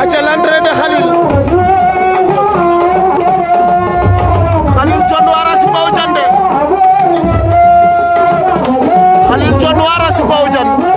aca l'entrée de Khalil Khalil Dione wara Sipaw Diane de Khalil Dione wara Sipaw